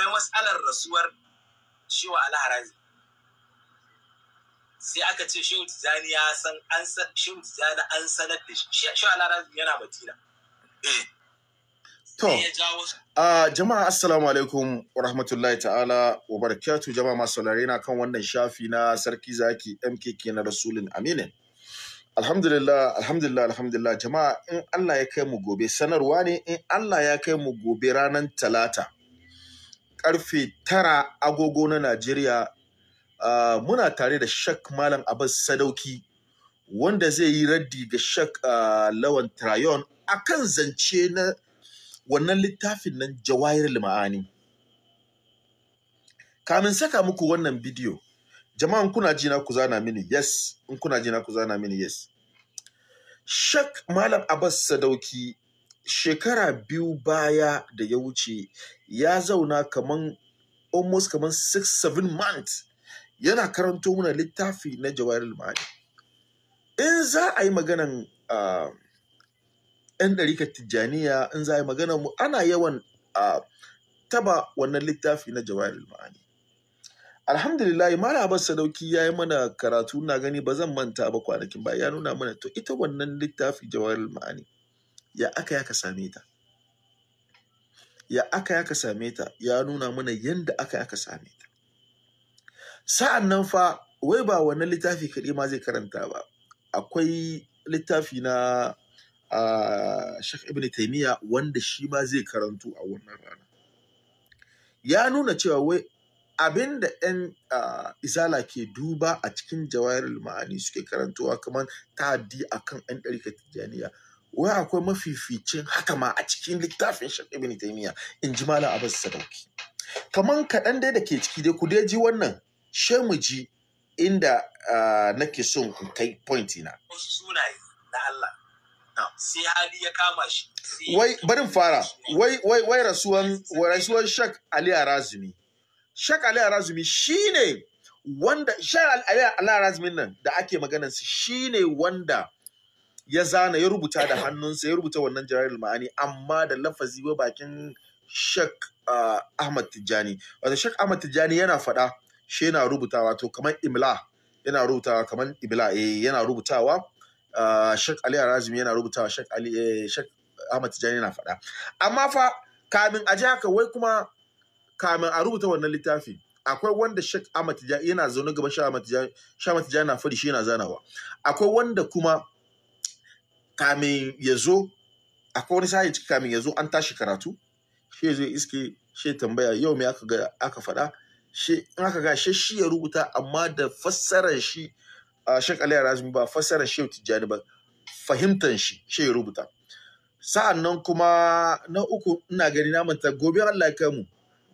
akwai matsalar rasuwar shehu alharazi sai aka ce shehu tijani ya san an san shehu tijani an sanar da shi shehu alharazi yana madina eh. to a jama'a assalamu alaikum wa rahmatullahi ta'ala wa barakatuh jama'a masu na kan wannan shafi na sarki zaki mkk na rasulun aminin Alhamdulillah, alhamdulillah, alhamdulillah jama'a in Allah ya kai mu gobe sanarwa ne in Allah ya kai mu gobe ranar talata. karfe tara agogo na Najeriya uh, muna tare da Shak Malam Abbas Sadauki wanda zai yi raddi ga Shak uh, ah, Lawan Trayon kan zance na wannan littafin nan Jawahir Lima'ani. Kamin saka muku wannan bidiyo, jama'an kuna jina ku zana mini yes, in kuna jina ku zana mini yes. Shak Malam Abbas Sadauki shekara biyu baya da ya wuce ya zauna kaman almost kaman 6-7 months yana karanto mana littafi na jawar ma'ani in za a yi maganan ah, yan ɗarikar tijjaniya in za a yi maganan mu ana yawan ah, taba wannan littafi na jawar ma'ani alhamdulillah mala abar sadauki ya yi mana karatu na gani ba zan manta ba kwanakin ba ya nuna mana to ita wannan littafi jawar ma'ani ya aka ya ka same ta ya aka ya ka same ta ya nuna mana yanda aka ya ka same ta sa'an nan fa wai ba wannan littafi kaɗai ma zai karanta ba akwai littafi na Shak Sheikh Ibn Taymiyyah wanda shi ma zai karantu a wannan rana ya nuna cewa wai abin da 'yan izala ke duba a cikin jawahirul ma'ani suke karantowa kamar ta'addi akan 'yan ɗarikar tijjaniya wai akwai mafificin haka ma a cikin littafin Sheikh Ibn Taymiyyah in ji Malam Abbas Sadauki kaman kaɗan dai da ke ciki dai ku dai ji wannan mu ji inda ah, nake son in kai point na wasu sunaye na Allah sai hali ya kama shi wai barin fara wai wai wai rasuwan rasuwan Sheikh Ali Arazumi Sheikh Ali Arazumi shine wanda Sheikh Ali Arazumi nan da ake maganar shi shine wanda ya zana ya rubuta da hannunsa ya rubuta wannan jarar ma'ani amma da lafazi ba bakin shek ah, ahmad tijjani wato shek ahmad tijjani yana faɗa shi yana rubutawa to kamar imla yana rubutawa kamar ibla eh yana rubutawa ah, shek ali arazim yana rubutawa shek ali eh, ahmad tijjani yana faɗa amma fa kamin a haka wai kuma kamin a rubuta wannan littafi akwai wanda shek ahmad tijjani yana zaune gaban shek ahmad tijjani ahmad tijjani na faɗi shi yana zanawa akwai wanda kuma kamin ya zo akwai wani sa'in ciki kamin ya zo an tashi karatu shi zai iske shi tambaya yau me aka aka faɗa shi in aka ga shi shi ya rubuta amma da fassarar shi a Sheikh Ali Razumi ba fassarar shi Tijjani ba fahimtar shi shi ya rubuta sa'an nan kuma na uku ina gani na manta gobe Allah ya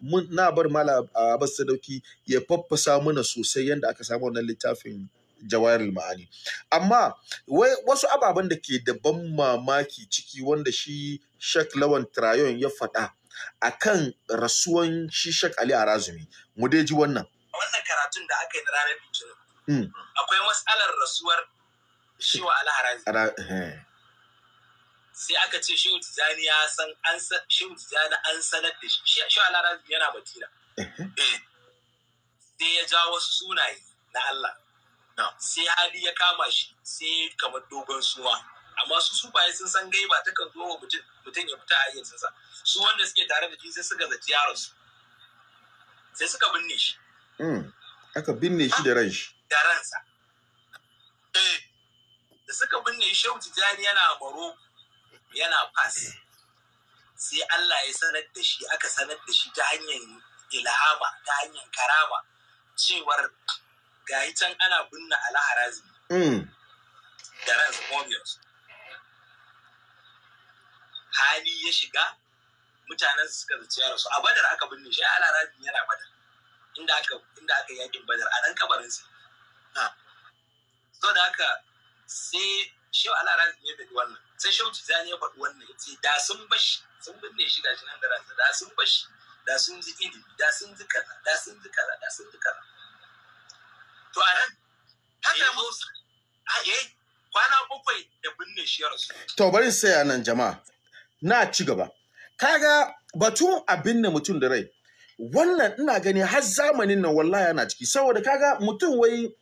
mu na bar mala Abbas Sadauki ya faffasa mana sosai yadda aka samu wannan littafin jawayar ma'ani amma wasu ababen da ke da ban mamaki ciki wanda shi Sheikh Lawan Trayon ya faɗa kan rasuwan shi shek Ali razumi mu dai ji wannan wannan karatun da aka yi na ranar Litinin hmm. akwai matsalar rasuwar shi wa Ali Arazumi eh. sai aka ce shi Tijani ya san an shi Tijani an sanar da shi shi Ali razumi yana batira eh. eh. sai ya jawo wasu sunaye na Allah sai hali ya kama shi sai kamar dogon suwa amma su su sufaye sun san gaiba ta kan zuwa mutum mutum ya fita a yin sa su wanda suke tare da shi sai suka zaci yaron su sai suka binne shi hmm. aka binne shi da ran shi da ransa eh. da suka binne shehu tijani yana Baro yana fas sai Allah ya sanar da shi aka sanar da shi ta hanyar ilhama ta hanyar karama cewar ga yi can ana binna harazi hmm. da ran obvious hali ya shiga mutanen suka zaci ya rasu a badar aka binne shi harazi yana badar inda aka inda aka yakin badar a nan kabarin sa so da haka sai shi harazi ya faɗi wannan sai shi tijani ya faɗi wannan yace da sun bashi sun binne shi gashi nan da ransa da sun bashi da sun ji ilimi da sun ji kaza da sun ji kaza da sun ji kaza to a nan haka ah, eh, kwana bakwai da binne shi ya to bari sai a nan jama'a na ci gaba kaga batun a binne mutum da rai wannan ina gani har zamanin nan wallahi yana ciki saboda kaga mutum wai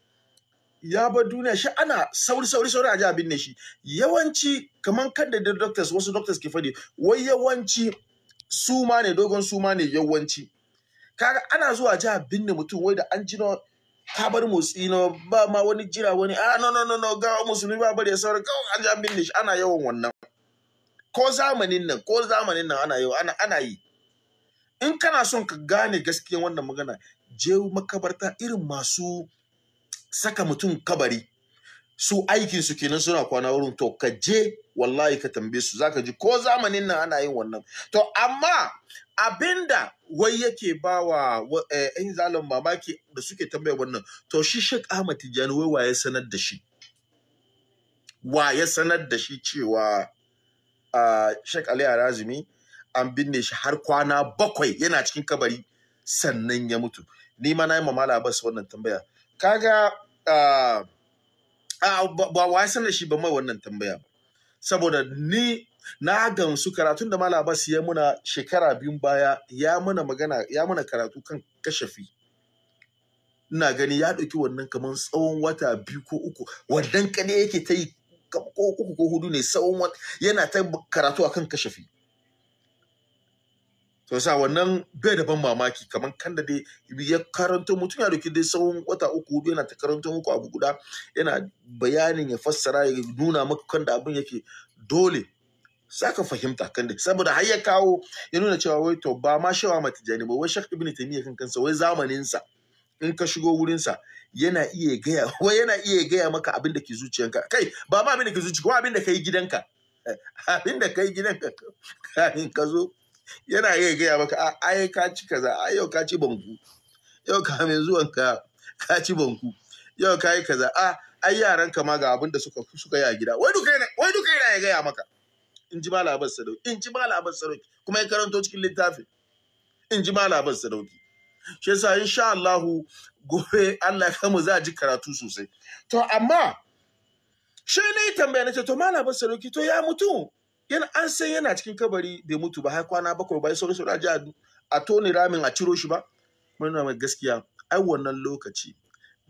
ya bar duniya shi ana sauri sauri sauri a ji abin ne shi yawanci kamar kadda da doctors wasu doctors ke fadi wai yawanci suma ne dogon suma ne yawanci kaga ana zuwa ji abin ne mutum wai da an ji ka bar motsi na ba ma wani jira wani a ah, no no no no ga musulmi ba bari ya saurari." kawai an ji binne ana yawan wannan ko zamanin nan ko zamanin nan ana yawa ana yi in kana son ka gane gaskiyan wannan magana je makabarta irin masu saka mutum kabari su aikin su kenan suna kwana wurin to ka je wallahi ka tambaye su zaka ji ko zamanin nan ana yin wannan to amma abinda wai yake bawa eh, yan zalin mamaki da suke tambaya wannan to shi Sheikh Ahmad Tijjani wai waye sanar da shi waye sanar da shi cewa Sheikh Ali Arazimi an binne shi har kwana bakwai yana cikin kabari sannan ya mutu ni ma na yi mamala bas wannan tambaya kaga ba wa ya sanar shi ba mai wannan tambaya ba saboda ni na gamsu karatun da Malam Abbas ya muna shekara biyun baya ya muna magana ya muna karatu kan kashafi ina gani ya ɗauki wannan kamar tsawon wata biyu ko uku wannan kane yake ta yi ko uku ko hudu ne tsawon wata yana ta karatu akan kashafi to sa wannan bai da ban mamaki kamar kan da dai ya karanto mutum ya dauki dai tsawon wata uku hudu yana ta karanto muku abu guda yana bayanin ya fassara ya nuna maka kan da abin yake dole ka fahimta kan da saboda har ya kawo ya nuna cewa wai to ba ma shawa jani ba wai shak ibn taymiya kan kansa wai zamaninsa in ka shigo wurinsa yana iya gaya wai yana iya gaya maka abin da ke zuciyanka kai ba ma abin da ke zuciyanka ko abin da kai gidanka abin da kai gidanka kafin ka zo yana iya gaya maka a ai ka ci kaza a yau ka ci banku yau ka mai zuwan ka ka ci banku yau ka yi kaza a ai yaran ka ma ga abin da suka suka yi a gida wai duka yana wai duka yana ya gaya maka in ji malam Sadauki in ji malam Sadauki kuma ya karanto cikin littafi in ji malam Sadauki shi yasa insha Allah gobe Allah ya mu za a ji karatu sosai to amma shi ne tambaya na to malam Sadauki to ya mutu yana an san yana cikin kabari da mutu ba har kwana bakwai ba sauri a ji a tone ramin a ciro shi ba muna mai gaskiya ai wannan lokaci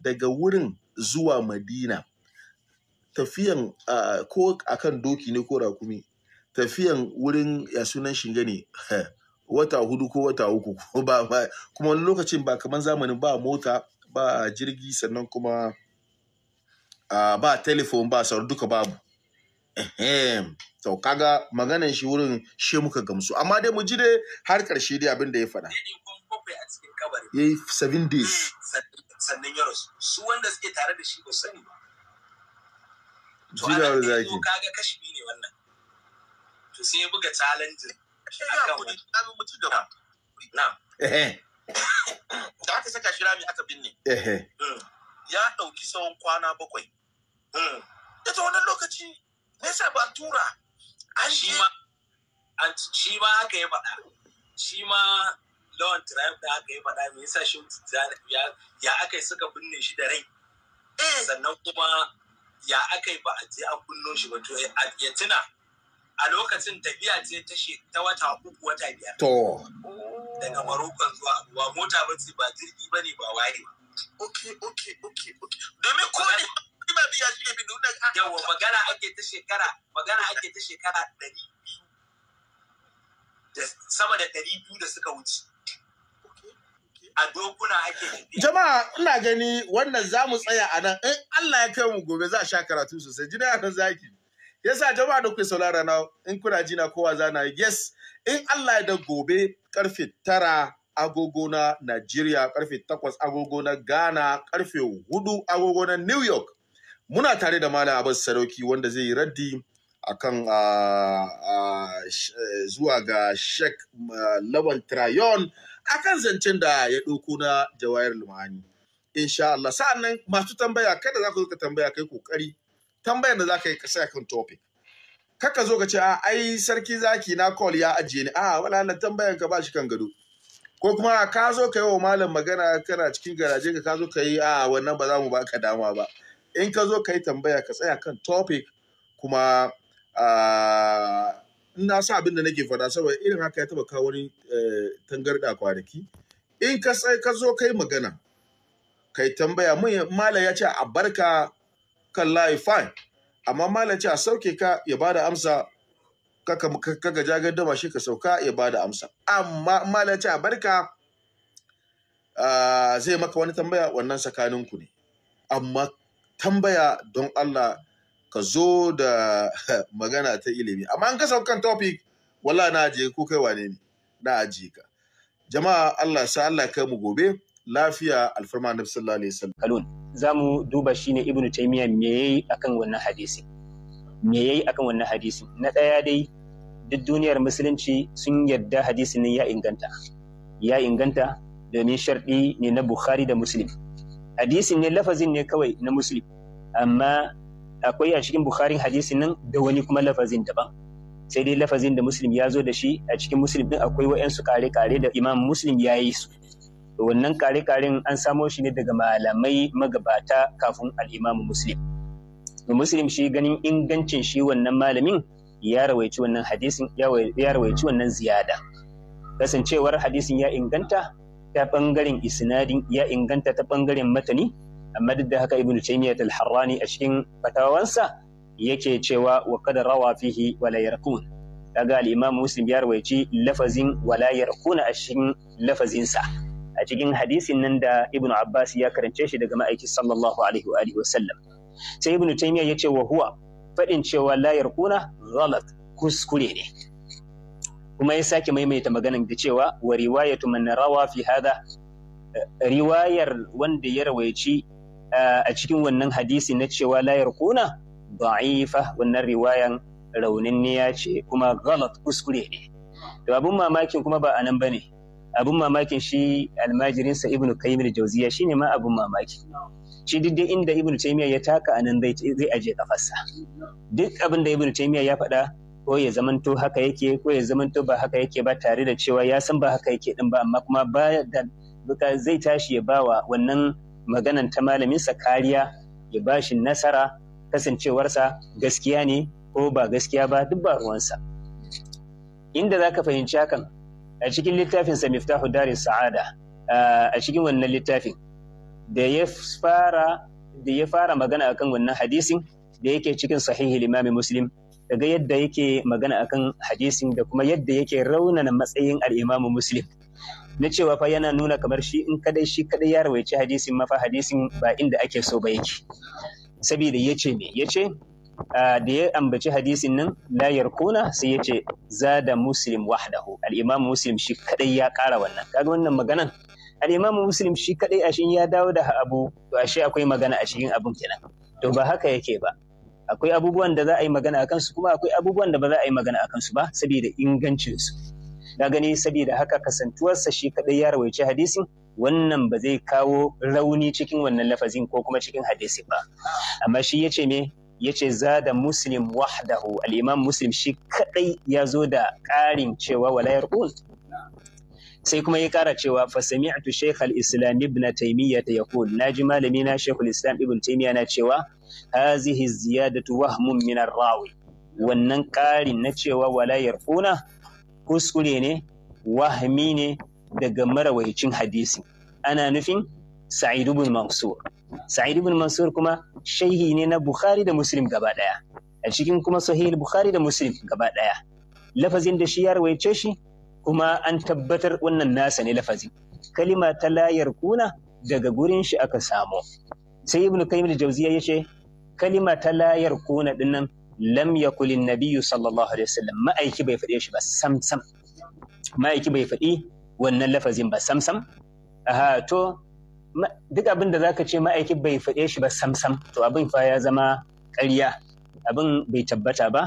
daga wurin zuwa madina tafiyan ko kan doki ne ko rakumi tafiyan wurin ya sunan shiga ne eh, wata hudu ko wata uku ba ba kuma wani lokacin ba kamar zamanin ba mota ba jirgi sannan kuma ba telefon ba sauri duka babu to kaga maganan shi wurin shi muka gamsu amma dai mu ji dai har karshe dai abin da ya faɗa ya yi seven days hmm, sannan ya rasu su wanda suke tare da shi ba sani ba to ana ɗaya kaga kashi ne wannan to sai ya buga challenge na da aka saka shi rami aka binne hmm. ya ɗauki tsawon kwana bakwai ya hmm. ta wannan lokaci me yasa ba tura shi ma haka ya faɗa shi ma lawan tribe da haka ya faɗa me yasa shi ya aka suka binne shi da rai eh. sannan kuma ya aka ba a je a kunno shi ba to eh, ya tuna a lokacin tafiya ce ta ta wata uku wata biyar to daga marokon zuwa abuwa mota ba ba jirgi ba ne ba waye ba ok ok ok ok domin ko ne ba biya shi ne bin duniya yawa magana ake ta shekara magana ake ta shekara ɗari biyu sama da ɗari biyu da suka wuce a dokuna ake jama'a ina gani wannan za mu tsaya a nan in Allah ya kai mu gobe za a sha karatu sosai jina ya zaki yasa jama'a da kuke saurara na in kuna ji na kowa zana yes in Allah ya da gobe karfe tara agogo na Najeriya karfe takwas agogo na Ghana karfe hudu agogo na New York muna tare da Malam Abbas Sarauki wanda zai yi raddi akan eh, zuwa ga Sheikh eh, Lawan Trayon akan zancen da ya ɗauko na Jawahir Lumani. Insha Allah. Sa'annan masu tambaya kada za ka zo ka tambaya kai kokari tambayar da za ka yi ka kan topic. Kaka zo ka ce a ai sarki zaki na call ya ajiye ni a wala na tambayan ka ba shi kan gado. Ko kuma ka zo ka yi wa malam magana kana cikin garaje ka zo ka yi a wannan ba za mu ba ka dama ba. in ka zo ka yi tambaya ka tsaya kan topic kuma ah, na sa abin da nake fada saboda irin haka ya taba kawo wani eh, tangarɗa kwanaki in ka sai ka zo kai magana ka kai tambaya mala ya ce a barka kan layi fine amma mala ce a sauke ka ya bada amsa kaga jagar dama shi ka sauka ya bada amsa amma mala ya ce a barka ah, zai maka wani tambaya wannan tsakaninku ne amma tambaya don Allah ka zo da magana ta ilimi amma an kasa kan topic wala na ajiye ko kai wane ne na ajiye ka jama'a Allah sa Allah kai mu gobe lafiya alfarma na sallallahu alaihi wasallam kalun mu duba ne ibnu taymiya me yayi akan wannan hadisi me yayi akan wannan hadisi na ɗaya dai duk duniyar musulunci sun yarda hadisin ya inganta ya inganta domin sharɗi ne na bukhari da muslim hadisin ne lafazin ne kawai na muslim amma akwai a cikin bukharin hadisin nan da wani kuma lafazin daban sai dai lafazin da muslim ya zo da shi a cikin muslim din akwai wa'yansu kare-kare da imam muslim ya yi su wannan kare-karen an samo shi ne daga malamai magabata kafin al'imamu muslim muslim shi ganin ingancin shi wannan malamin ya rawaici wannan hadisin ya rawaici wannan ziyada kasancewar hadisin ya inganta ta bangaren isnadin ya inganta ta bangaren matani amma duk da haka ibnu taymiyyah al-harrani a cikin fatawansa yake cewa wa qad rawa fihi wala yarkun kaga al-imam muslim ya rawaici lafazin wala yarkun a cikin lafazin sa a cikin hadisin nan da ibnu abbas ya karance shi daga ma'aiki sallallahu alaihi wa alihi wasallam sai ibnu taymiyyah ya wa huwa fadin cewa la yarkuna ghalat kuskure ne kuma ya sake maimaita maganan da cewa wa riwayatu man rawa fi hada eh, riwayar wanda ya rawaici eh, a cikin wannan hadisi na cewa la yarquna da'ifa wannan riwayan rauninniya ce kuma galat kuskure ne to abun mamakin kuma ba anan bane abun mamakin shi almajirinsa ibnu Kaimir Jauziya jawziya shine ma abun mamaki shi duk dai inda ibnu taymiya ya taka anan zai zai aje kafarsa duk abin da ibnu taymiya ya faɗa ko ya zamanto haka yake ko ya zamanto ba haka yake ba tare da cewa ya san ba haka yake din ba amma kuma ba da buka zai tashi ya bawa wannan maganan ta malamin sa kariya ya ba nasara kasancewarsa gaskiya ne ko ba gaskiya ba duk ba ruwansa inda zaka fahimci hakan a cikin littafin sa miftahu daris sa'ada a cikin wannan littafin da ya fara da ya fara magana akan wannan hadisin da yake cikin sahihi limami muslim daga yadda yake magana akan hadisin da kuma yadda yake raunana matsayin al'imamu muslim na cewa fa yana nuna kamar shi in kadai shi kadai ya rawaici hadisin mafa hadisin ba inda ake so ba yake saboda ya ce me ya ce da ya ambaci hadisin nan la yarkuna sai ya ce zada muslim wahdahu al'imamu muslim shi kadai ya kara wannan kaga wannan maganan al'imamu muslim shi kadai ashin ya dawo da abu to ashe akwai magana a cikin abun kenan to ba haka yake ba akwai abubuwan da za a yi magana a kansu kuma akwai abubuwan da ba za a yi magana a kansu ba saboda ingancinsu na gani saboda haka kasantuwarsa shi kadai ya rawaici hadisin wannan ba zai kawo rauni cikin wannan lafazin ko kuma cikin hadisi ba amma shi yace me yace zada muslim wahdahu al-imam muslim shi kadai ya zo da ƙarin cewa wala yarqul sai kuma ya kara cewa fa sami'tu shaykh al-islam ibn taymiyyah yaqul naji malami na shaykh al-islam ibn taymiyyah na cewa hazihi ziyadatu wahmun min rawi wannan ƙarin na cewa wala yarfuna kuskure ne wahmi ne daga marawaicin hadisi ana nufin sa'id ibn mansur sa'id ibn mansur kuma shaihi ne na bukhari da muslim gaba daya a cikin kuma sahih bukhari da muslim gaba daya lafazin da shi ya rawaice shi kuma an tabbatar wannan nasa ne lafazin kalima ta layar kuna daga gurin shi aka samu sai ibn kayyim al-jawziya yace kalima ta layar kona dinnan lam kulin nabiyu sallallahu alaihi wasallam ma'aiki bai faɗe shi ba sam sam ma'aiki bai faɗi wannan lafazin ba sam sam aha to duk abin da zaka ce ma'aiki bai faɗe shi ba sam sam to abin fa ya zama ƙarya abin bai tabbata ba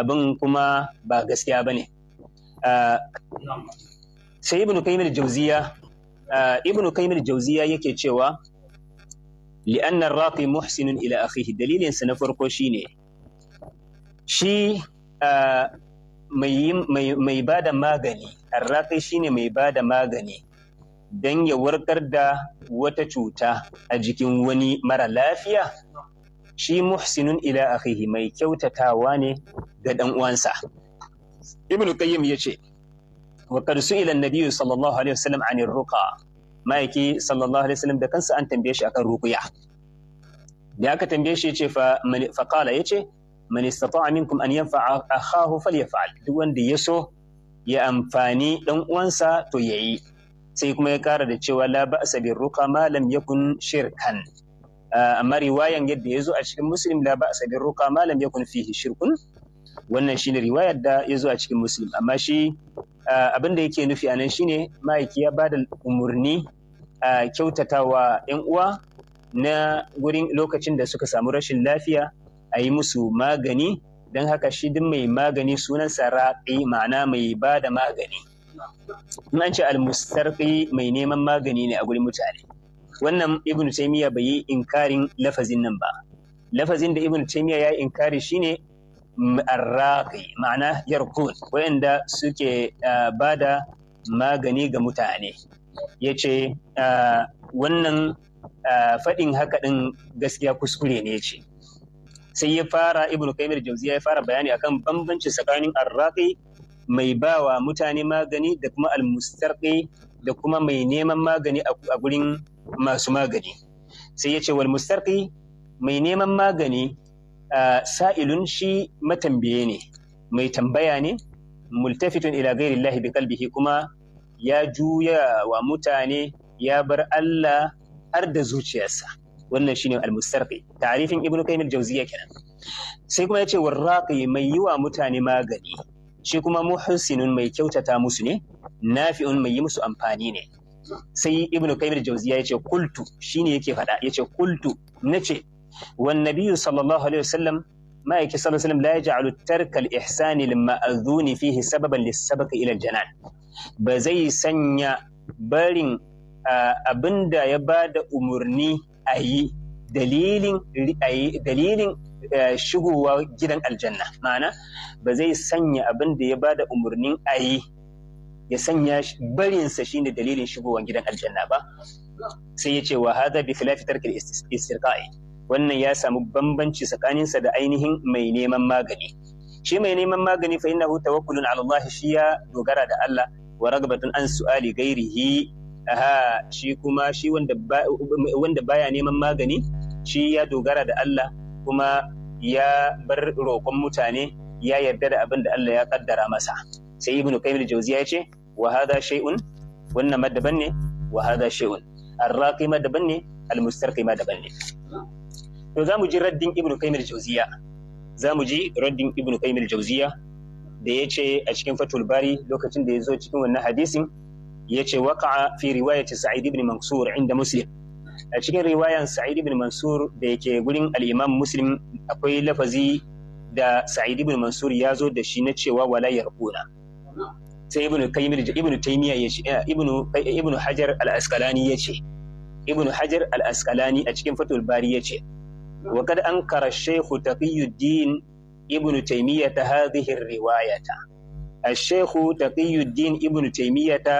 abin kuma ba gaskiya ba ne ah, sai ibnu kaimil jauziya ah, ibnu kaimil jauziya yake cewa li'anna rafi muhsinun ila akhihi dalilin sa na farko shine shi mai ba da magani arrafi shine mai bada magani dan ya warkar da wata cuta a jikin wani mara lafiya shi muhsinun ila akhihi mai kyautatawa ne ga dan uwansa ibnu qayyim yace wa qad su'ila an sallallahu alaihi wasallam 'anil ma'aiki sallallahu alaihi wasallam da kansa an tambaye shi akan rukuya da aka tambaye shi yace fa fa qala yace man istata'a minkum an yanfa'a akhahu falyaf'al duk wanda ya so ya amfani dan uwansa to yayi sai kuma ya kara da cewa la ba'sa bir ruqa ma lam yakun shirkan amma riwayan yadda ya zo a cikin muslim la ba'sa bir ruqa ma lam yakun fihi shirkun wannan shine riwayar da ya zo a cikin muslim amma shi Eh, abin da yake nufi anan nan shine ma'aiki ya ba da umarni a eh, kyautatawa 'yan uwa na gurin lokacin da suka samu rashin lafiya a yi musu magani don haka shi duk mai magani sunan raƙi ma'ana mai ba da magani an ce almustarƙi mai neman magani ne a gurin mutane wannan ibn taymiya bai yi inkarin lafazin nan ba lafazin da ibn taymiya ya inkari shine arraqi ma'ana yarkut wanda suke bada magani ga mutane ya ce wannan fadin haka ɗin gaskiya kuskure ne ce sai ya fara ibn kaimir Jauzi ya fara bayani akan bambanci tsakanin arraki mai bawa mutane magani da kuma almustarqi da kuma mai neman magani a gurin masu magani sai ya ce wal mustarqi mai neman magani Eh, sa'ilun shi matambaye ne mai tambaya ne multafitun ila ghairillahi bi kalbihi kuma ya juya wa mutane ya bar Allah har da zuciyarsa wannan shine al-mustarqi tarifin ibnu qayyim al kenan sai kuma yace warraqi mai yi wa mutane magani shi kuma muhsinun mai kyautata musu ne nafi'un mai yi musu amfani ne sai ibnu qayyim ya ce yace qultu shine yake faɗa yace na ce. wan Nabiyu sallallahu alaihi wasallam ma'aiki sallallahu alaihi wasallam la tarka al-ihsan lil ma'dhun fihi sababan lis-sabaq ila al-janan ba zai sanya barin abinda ya bada umurni a yi dalilin dalilin gidan aljanna ma'ana ba zai sanya ya bada umurnin a yi ya sanya barinsa shine dalilin shigowar gidan aljanna ba sai ya ce wa hada bi khilafi tarkil istirqa'i wannan ya samu bambanci tsakaninsa da ainihin mai neman magani shi mai neman magani fa innahu tawakkulun ala Allah shi ya dogara da Allah wa ragbatun an su'ali gairihi aha shi kuma shi wanda wanda baya neman magani shi ya dogara da Allah kuma ya bar roƙon mutane ya yarda da abin da Allah ya kaddara masa sai ibnu qayyim al-jawziya ya ce wa hadha shay'un wannan madaban ne wa hadha shay'un ar-raqi daban ne al-mustarqi daban ne to za mu ji raddin ibnu qayyim Jauziya za mu ji raddin ibnu qayyim Jauziya da ya ce a cikin fatul bari lokacin da ya zo cikin wannan hadisin ya ce waqa'a fi riwayati sa'id ibn mansur inda muslim a cikin riwayan sa'id ibn mansur da yake gurin al-imam muslim akwai lafazi da sa'id ibn mansur ya zo da shi na cewa wala yarquna sai ibnu qayyim ibnu taymiya ya ce ibnu eh, ibnu hajar al-asqalani ya ce ibnu hajar al-asqalani a cikin fatul bari ya ce wa kad ankara shaykh taqiyuddin ibnu taymiyah hadhihi riwayata الشيخ تقي الدين ابن تيمية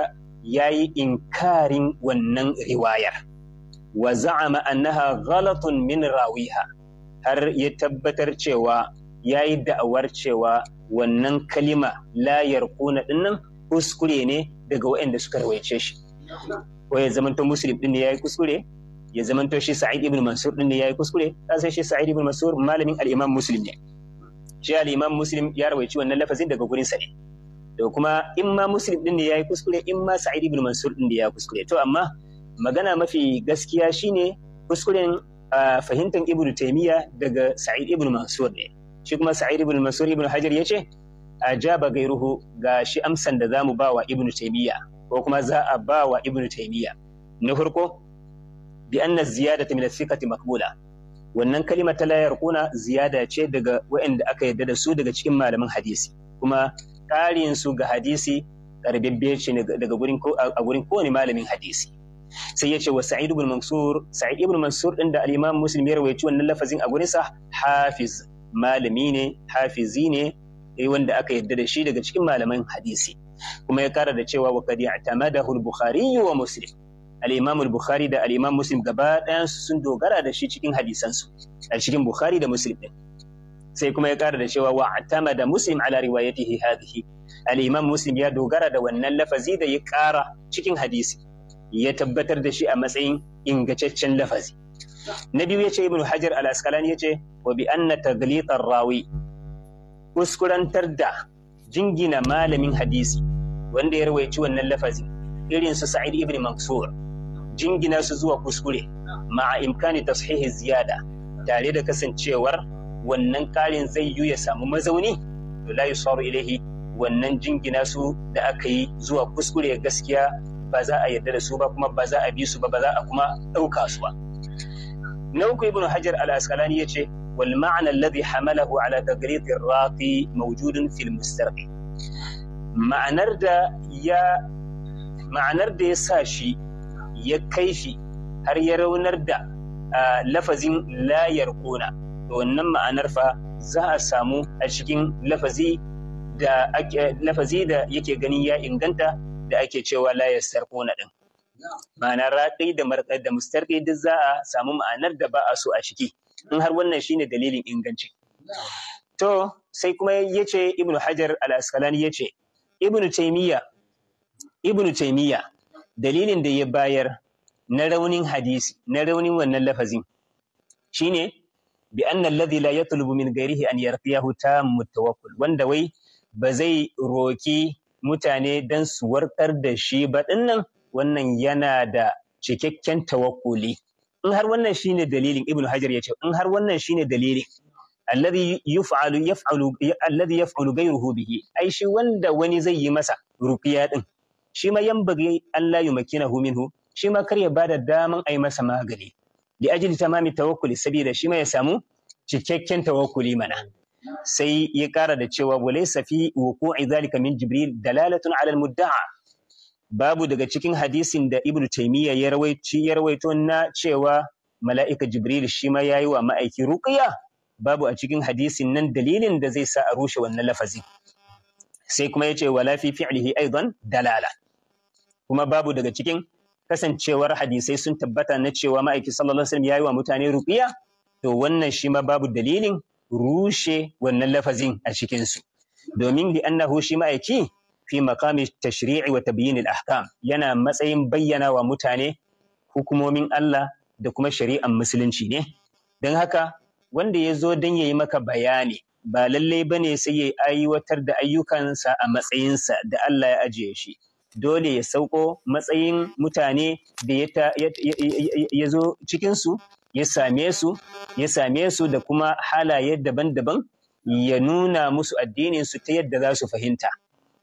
yayi inkarin wannan riwayar wa za'ama annaha min rawiha har ya tabbatar cewa yayi da'awar cewa wannan kalima la yarquna dinnan kuskure ne daga waɗanda suka rawaice shi ko ya zamanto muslim din ne yayi kuskure ya zamanto shi Sa'id ibn Mansur din ne yayi kuskure ka sai shi Sa'id ibn Mansur malamin al-Imam Muslim ne shi al-Imam Muslim ya rawaici wannan lafazin daga gurin sa ne to kuma in ma Muslim din ne yayi kuskure in ma Sa'id ibn Mansur din ne ya kuskure to amma magana mafi gaskiya shine kuskuren fahimtar Ibn Taymiyyah daga Sa'id ibn Mansur ne shi kuma Sa'id ibn Mansur ibn Hajar yace ajaba gairuhu ga shi amsan da zamu wa Ibn Taymiyyah ko kuma za a ba wa Ibn Taymiyyah na farko bi anna ta min al wannan kalima ta layar kuna ziyada ce daga waɗanda aka yarda da su daga cikin malaman hadisi kuma ƙarin su ga hadisi karbebbe ce daga gurin a gurin kowane malamin hadisi sai ya cewa wa sa'id ibn mansur sa'id ibn mansur din da al-imam muslim ya rawaici wannan lafazin a gurin sa hafiz malami ne hafizi ne eh wanda aka yarda da shi daga cikin malaman hadisi kuma ya kara da cewa wa qad i'tamadahu al-bukhari wa muslim al-Imam al-Bukhari da al-Imam Muslim gaba ɗayan sun dogara da shi cikin hadisansu. su a cikin Bukhari da Muslim sai kuma ya ƙara da cewa wa atamada Muslim ala riwayatihi hadhihi al-Imam Muslim ya dogara da wannan lafazi da ya kara cikin hadisi ya tabbatar da shi a matsayin ingantaccen lafazi Nabiyu ya ce Ibn Hajar al-Asqalani yace wa bi anna taghlit rawi kuskurantar da jingina malamin hadisi wanda ya rawaici wannan lafazi, irin su Sa'id ibn Mansur jingina su zuwa kuskure ma'a imkani tashihi ziyada tare da kasancewar wannan karin zai yi ya samu mazauni to la yusaru ilaihi wannan jingina su da aka yi zuwa kuskure gaskiya ba za a yarda da su ba kuma ba za a bi su ba ba za a kuma ɗauka su ba na uku ibnu hajar al-asqalani ce wal ma'na alladhi hamalahu ala tagrid ar-raqi mawjudun fil mustarqi ma'anar da ya ma'anar da ya sa shi ya kai shi har ya raunar da lafazin layar kona da wannan ma'anar fa za a samu a cikin lafazi da lafazi da yake gani ya inganta da ake cewa layar sarkona din ma'ana raƙi da marƙa da mustarƙi duk za a samu ma'anar da ba a so a ciki in har wannan shine dalilin inganci to sai kuma yace ce ibnu hajar al-asqalani yace, ibnu taymiya ibnu taymiya dalilin da ya bayar na raunin hadisi na raunin wannan lafazin shine bi anna alladhi la yatlubu min ghairihi an yarqiyahu tammu tawakkul wanda wai ba zai roki mutane dan su warkar da shi ba dinnan wannan yana da cikakken tawakkuli in har wannan shine dalilin ibnu hajar yace in har wannan shine dalilin alladhi yaf'alu yaf'alu alladhi yaf'alu bihi ai shi wanda wani zai yi masa ruqiya din shi ma yanbaghi Allah la yumakkinahu Shima shi ma kar ya bada daman ai masa magani li ta tamami tawakuli saboda shi ma ya samu cikakken tawakuli mana sai ya kara da cewa safi fi wuqu'i zalika min jibril dalalatun ala muddaa babu daga cikin hadisin da ibnu taymiya ya rawaici ya rawaito na cewa mala'ika jibril shi ma yayi wa ma'aiki ruqiya babu a cikin hadisin nan dalilin da zai sa a rushe wannan lafazi sai kuma ce wala fi fi'lihi aidan dalala kuma babu daga cikin kasancewar hadisai sun tabbata na cewa ma'aiki sallallahu alaihi wasallam yayi wa mutane ruqiya to wannan shi ma babu dalilin rushe wannan lafazin a cikin su domin bi annahu shi ma'aiki fi maqami tashri'i wa tabyin al-ahkam yana matsayin bayyana wa mutane hukumomin Allah da kuma shari'ar musulunci ne don haka wanda ya zo don ya yi maka bayani ba lallai bane sai ya aiwatar da ayyukansa a matsayinsa da Allah ya ajiye shi dole ya sauko matsayin mutane da ya zo cikinsu ya same su ya same su da kuma halaye daban-daban ya nuna musu su ta yadda za su fahimta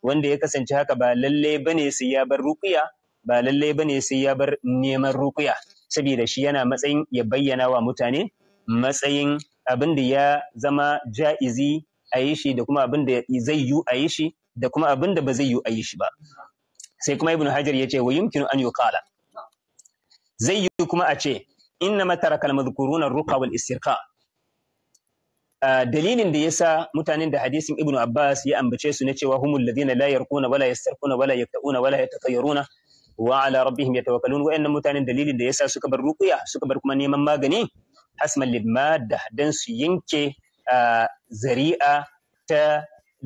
wanda ya kasance haka ba lallai bane sai ya bar rukuya ba lallai bane sai ya bar neman rukuya saboda shi yana matsayin ya bayyana wa mutane matsayin abin da ya zama ja'izi a yi shi da kuma abin da zai yi a yi shi da kuma abin da ba zai yi a yi shi ba sai kuma ibnu hajar ya ce wa yumkinu an yuqala zai yi kuma a ce inna mataraka al-madhkuruna ar-ruqa wal istirqa dalilin da yasa mutanen da hadisin ibnu abbas ya ambace su na cewa humul ladina la yarquna wala yastarquna wala yaqtauna wala yatatayyaruna wa ala rabbihim yatawakkalun wa'annan mutanen dalilin da yasa suka bar ruqiya suka bar kuma neman magani hasman lil dan su yanke zari'a ta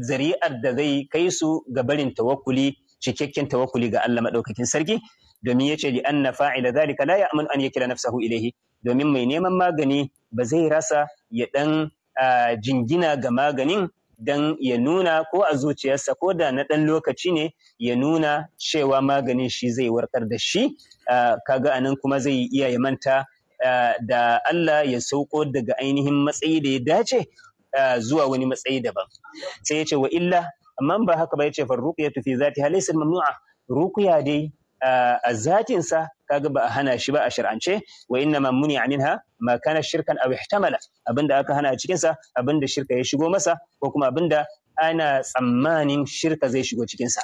zari'ar da zai kai su ga barin tawakkuli cikakken tawakkuli ga Allah madaukakin sarki domin yace li anna fa'ila zalika la ya'mun an yakila nafsahu ilayhi domin mai neman magani ba zai rasa ya dan jingina ga maganin dan ya nuna ko a zuciyarsa ko da na dan lokaci ne ya nuna cewa maganin shi zai warkar da shi kaga anan kuma zai iya ya manta da Allah ya sauko daga ainihin matsayi da ya dace zuwa wani matsayi daban sai ya ce wa illa amma ba haka ba yace fa ruqyatu fi zatiha laysa mamnu'a ruqya dai a zatin sa kaga ba a hana shi ba a shar'ance wa inna man muni anha ma kana shirkan aw ihtamala abinda aka hana a cikin sa abinda shirka ya shigo masa ko kuma abinda ana tsammanin shirka zai shigo cikin sa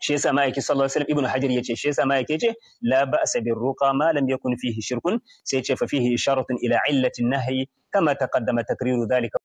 shi yasa ma'aiki sallallahu alaihi wasallam ibnu hajar yace shi yasa ma'aiki yace la ba'sa bir ruqa ma lam yakun fihi shirkun sai yace fa fihi isharatun ila illati nahyi kama taqaddama takriru dhalika